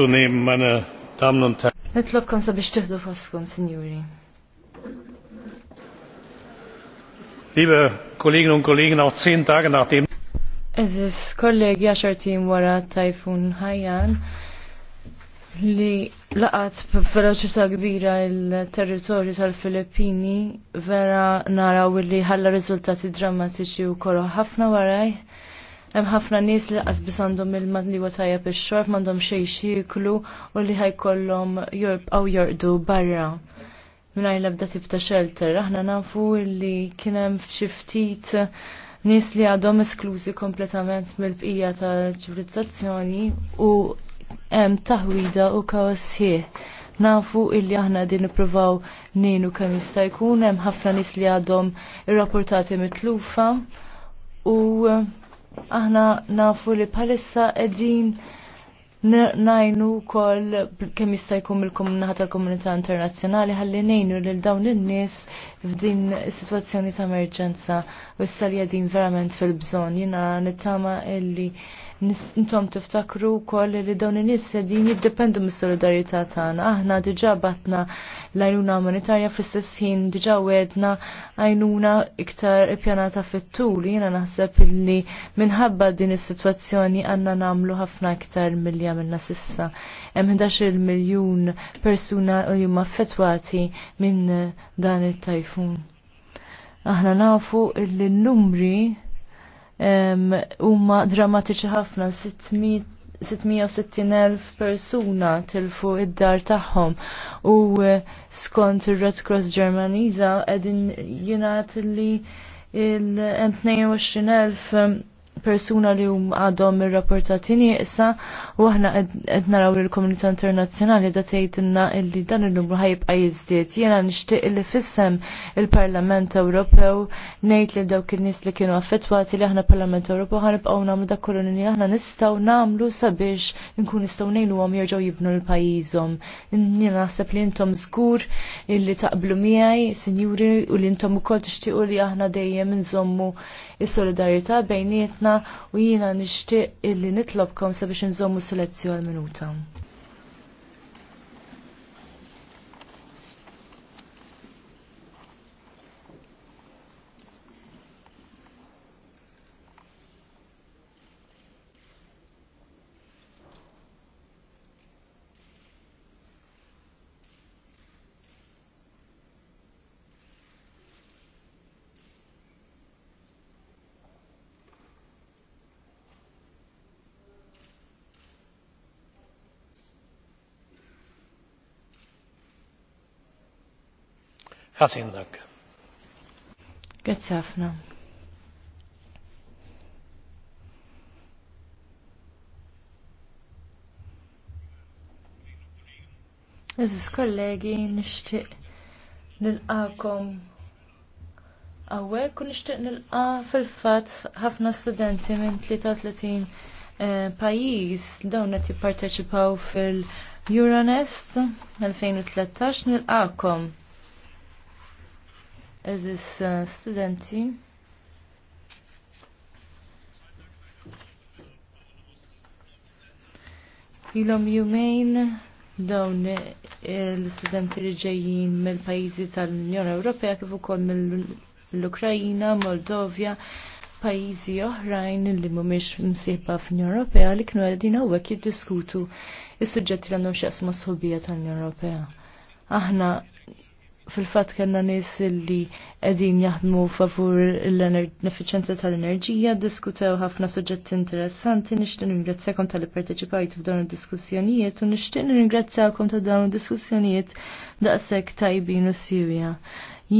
zu meine Damen und Herren. sabiex tieħdu foskom, Sinjuri. Liebe Kolleginnen und Kollegen, auch zehn Tage nachdem. Eżis, kollegi għaxartin wara tajfun Hayan. li laqat b'veloċità kbira il-territorju tal-Filippini vera naraw li ħalla riżultati drammatiċi u kolo ħafna waraj Hemm ħafna nies li qasbis għandhom il madliwa li watajja bix-xorb m'għandhom xejn xieklu u li ħajkollhom jorbqgħu jorqdu barra. Mingħajr l-ebda tip ta' shelter, aħna nafu li kien hemm xi ftit nies li għadhom esklużi kompletament mill-bqija tal-ċivilizzazzjoni u hemm taħwida u kaos nafu illi aħna din niprovaw nejnu kemm jista' jkun hemm ħafna nies li għadhom irrapportati mitlufa u aħna nafu li bħalissa edin najnu kol kemm jista' jkun il-komunità tal-komunità internazzjonali ħalli nejnu lil dawn in-nies f'din is-sitwazzjoni ta' emerġenza u issa li qegħdin verament fil-bżonn. Jiena nittama illi Intom tiftakru wkoll li dawn in-nies din jiddependu mis-solidarjetà tagħna. Aħna diġà batna l-għajnuna umanitarja fl-istess ħin diġà wedna għajnuna iktar ippjanata fit-tul. Jiena naħseb illi minħabba din is-sitwazzjoni għandna nagħmlu ħafna iktar milli għamilna sissa. Hemm 11 miljun persuna li huma affettwati minn dan it-tajfun. Aħna nafu illi n-numri huma drammatiċi ħafna 660.000 persuna tilfu id-dar tagħhom u eh, skont ir-Red Cross Germaniza qegħdin jingħad li il-22.000 persuna li hum għadhom ir-rapportatini issa u aħna qed naraw il-komunità internazzjonali da tgħidilna illi dan il-numru ħajibqa' jiżdied. Jiena nixtieq li fissem il-Parlament Ewropew ngħid li dawk in-nies li kienu affettwati li aħna Parlament Ewropew ħanibqgħu nagħmlu dak kollu li aħna nistgħu nagħmlu sabiex nkun nistgħu ngħinuhom jerġgħu jibnu l-pajjiżhom. Jiena naħseb li intom żgur illi taqblu miegħi, sinjuri, u li intom ukoll tixtiequ li aħna dejjem inżommu is-solidarjetà bejnietna ħafna u jiena nixtieq illi nitlobkom sabiex nżommu selezzjoni minuta. Herzlichen Grazie ħafna. Eżis kollegi, nishtiq nilqakom għawek u nishtiq nilqa fil-fat ħafna studenti minn 33 eh, pajis dawn qed jipparteċipaw fil-Euronest 2013 nilqakom eżis eh, studenti. Ilom jumejn dawn l-studenti li ġejjin mill-pajjiżi tal-Unjoni Ewropea kif ukoll mill-Ukrajina, Moldovja, pajjiżi oħrajn li mhumiex msieħba fl-Unjoni Ewropea li kienu qegħdin hawnhekk jiddiskutu s-suġġetti li għandhom x'jaqsma sħubija tal-Unjoni Ewropea. Aħna fil-fat kena nis li edin jaħdmu favur l-efficienza tal-enerġija, diskutew ħafna suġġetti interessanti, nishtin ringrazzjakom tal-li f'dawn il-diskussjonijiet u nishtin ringrazzjakom ta' dawn il-diskussjonijiet daqsek tajbin u Sirja.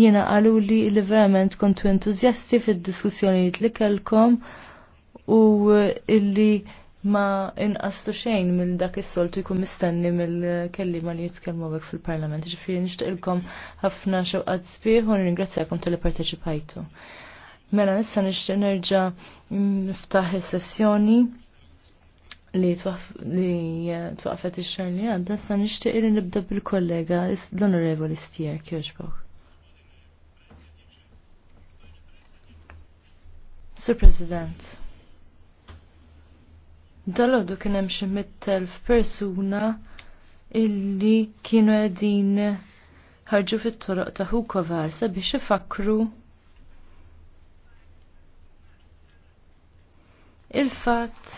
Jiena għalu li li verament kontu entuzjasti fil-diskussjonijiet li kelkom u illi ma inqastu xejn mill dak is-soltu jkun mistenni mill-kellima li jitkellmu bek fil-Parlament. Ġifieri nixtieqilkom ħafna xewqat sbieħ u nirringrazzjakom tal parteċipajtu. Mela nista nixtieq nerġa' niftaħ is-sessjoni li twaqfet ix xar li għadda issa nixtieq li nibda bil-kollega l-Onorevoli Stier Kirchbach. Sir President. Dalodu kien hemm xi mit-telf persuna illi kienu qegħdin ħarġu fit-toroq ta' Hukovar sabiex ifakru il-fatt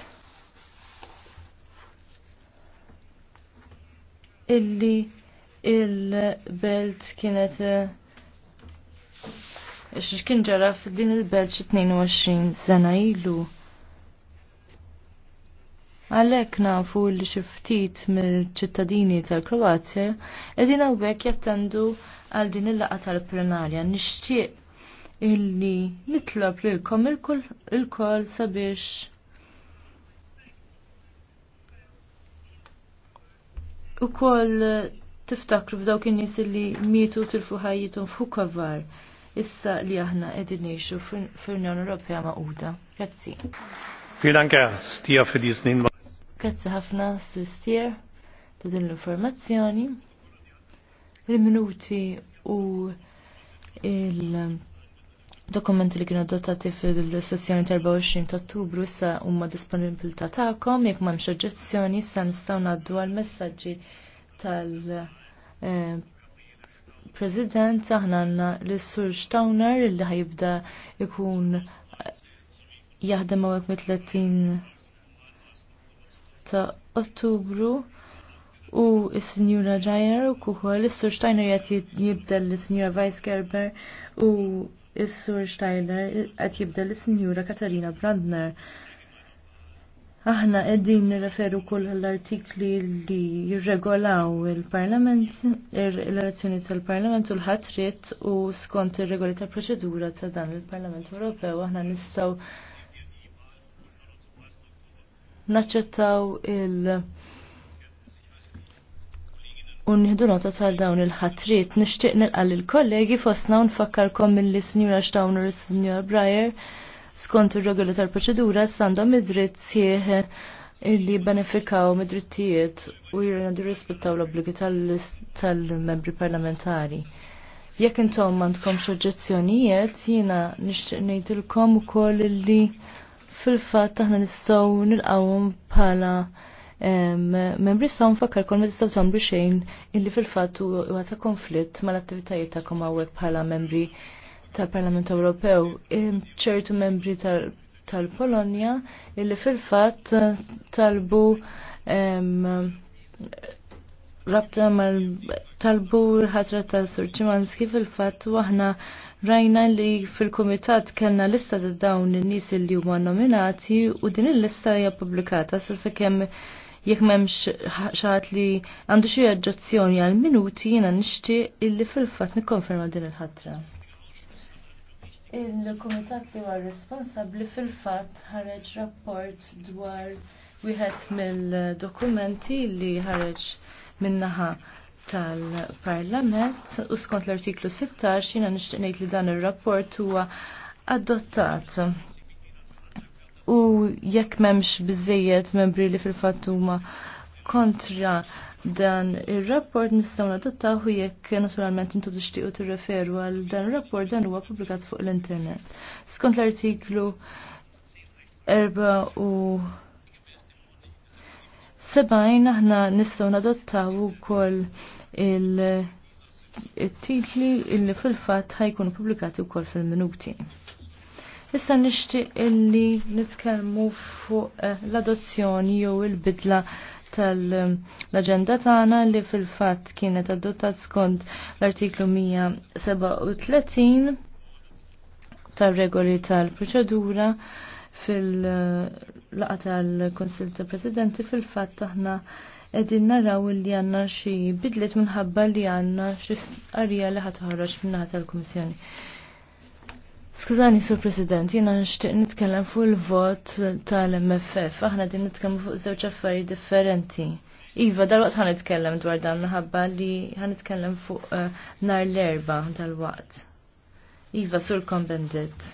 illi il-belt kienet x'kien eh, ġara f'din il-belt xi 22 sena ilu. Għalek nafu li xiftit mill-ċittadini tal-Kroazja edin għawbek jattendu għal din il-laqa tal-plenarja. Nishtiq illi nitlob lilkom il-kol sabiex u koll tiftakru f'dawk in-nies li mietu tilfu ħajjithom fuq kavar issa li aħna qegħdin ngħixu fl-Unjoni Ewropea Magħquda. Grazzi. Vielen Dank, Herr Stier, für diesen Hinweis. Grazie ħafna sustier ta' din l-informazzjoni. Il-minuti u il-dokumenti li kienu dotati fil-sessjoni ta' 24 ta' ottubru sa' umma ta' ta'kom, Jek ma' mxoġezzjoni sa' nistaw naddu għal-messagġi tal- eh, President aħna għanna l-Sur Stauner li ħajibda ikun jaħdem għawek mit 30 ta' Ottubru u s-Sinjura Rajer u kuħol is-Sur Steiner jgħat jibdel l-Sinjura Vice Gerber u s-Sur Steiner jgħat jibdel l-Sinjura Katarina Brandner. Aħna qegħdin nirreferu kull l-artikli li jirregolaw il-Parlament, l-elezzjoni tal-Parlament u l-ħatrit u skont ir-regoli tal-proċedura ta' dan il-Parlament Ewropew aħna nistaw naċċettaw il- Unniħdu nota tal dawn il-ħatrit, nishtiq nilqal il-kollegi fosna unfakkarkom mill-li Sinjura Xtawner u s-Njura Breyer skont ir-regoli tal-proċedura sandhom id-dritt sieħ illi benefikaw mid-drittijiet u jirrendu rispettaw l-obbligi tal-membri parlamentari. Jekk intom m'għandkomx oġġezzjonijiet, jiena nixtieq ngħidilkom ukoll illi fil-fatt aħna nistgħu qawm bħala membri saw fakkar kol ma tistaw tagħmlu xejn illi fil-fatt u għata konflitt mal-attivitajiet kom għawek bħala membri tal-Parlament Ewropew. ċertu membri tal-Polonja illi fil-fatt talbu rabta mal talbur ħatra ta' Surċimanski fil-fatt waħna rajna li fil-komitat kellna lista ta' dawn in-nies li huma nominati u din il-lista hija publikata sa sakemm jekk m'hemmx xaħat li għandu xi oġġezzjoni għal minuti jiena nixtieq illi fil-fatt nikkonferma din il-ħatra. Il-komitat li huwa responsabbli fil-fatt ħareġ rapport dwar wieħed mill-dokumenti li ħareġ minnaħa tal-Parlament u skont l-artiklu 16 jina nishtiqnejt li dan il-rapport huwa adottat. U jekk memx bizzejiet membri li fil-fatt huma kontra dan il-rapport nistgħu nadottaw jekk naturalment intu tixtiequ tirreferu għal dan il-rapport dan huwa pubblikat fuq l-internet. Skont l-artiklu 4 u sebajn aħna nistgħu nadottaw ukoll il-titli illi fil-fatt ħajkun pubblikati wkoll fil-minuti. Issa nixtieq illi nitkellmu fuq eh, l-adozzjoni jew il-bidla tal aġenda tagħna li fil-fatt kienet adottat skont l-artiklu 137 tar tal regoli tal proċedura fil-laqa tal-Konsil ta' Presidenti fil-fatt aħna edin naraw li għanna xi bidlet minħabba li għanna xi arja li ħatħarraġ minnaħat tal-Kummissjoni. Skużani, Sur President, jena nishtiq nitkellem fuq il-vot tal-MFF, aħna din nitkellem fuq żewġ affari differenti. Iva, dal-waqt ħan nitkellem dwar dan minħabba li ħan nitkellem fuq eh, nar l-erba tal-waqt. Iva, Sur Kombendit.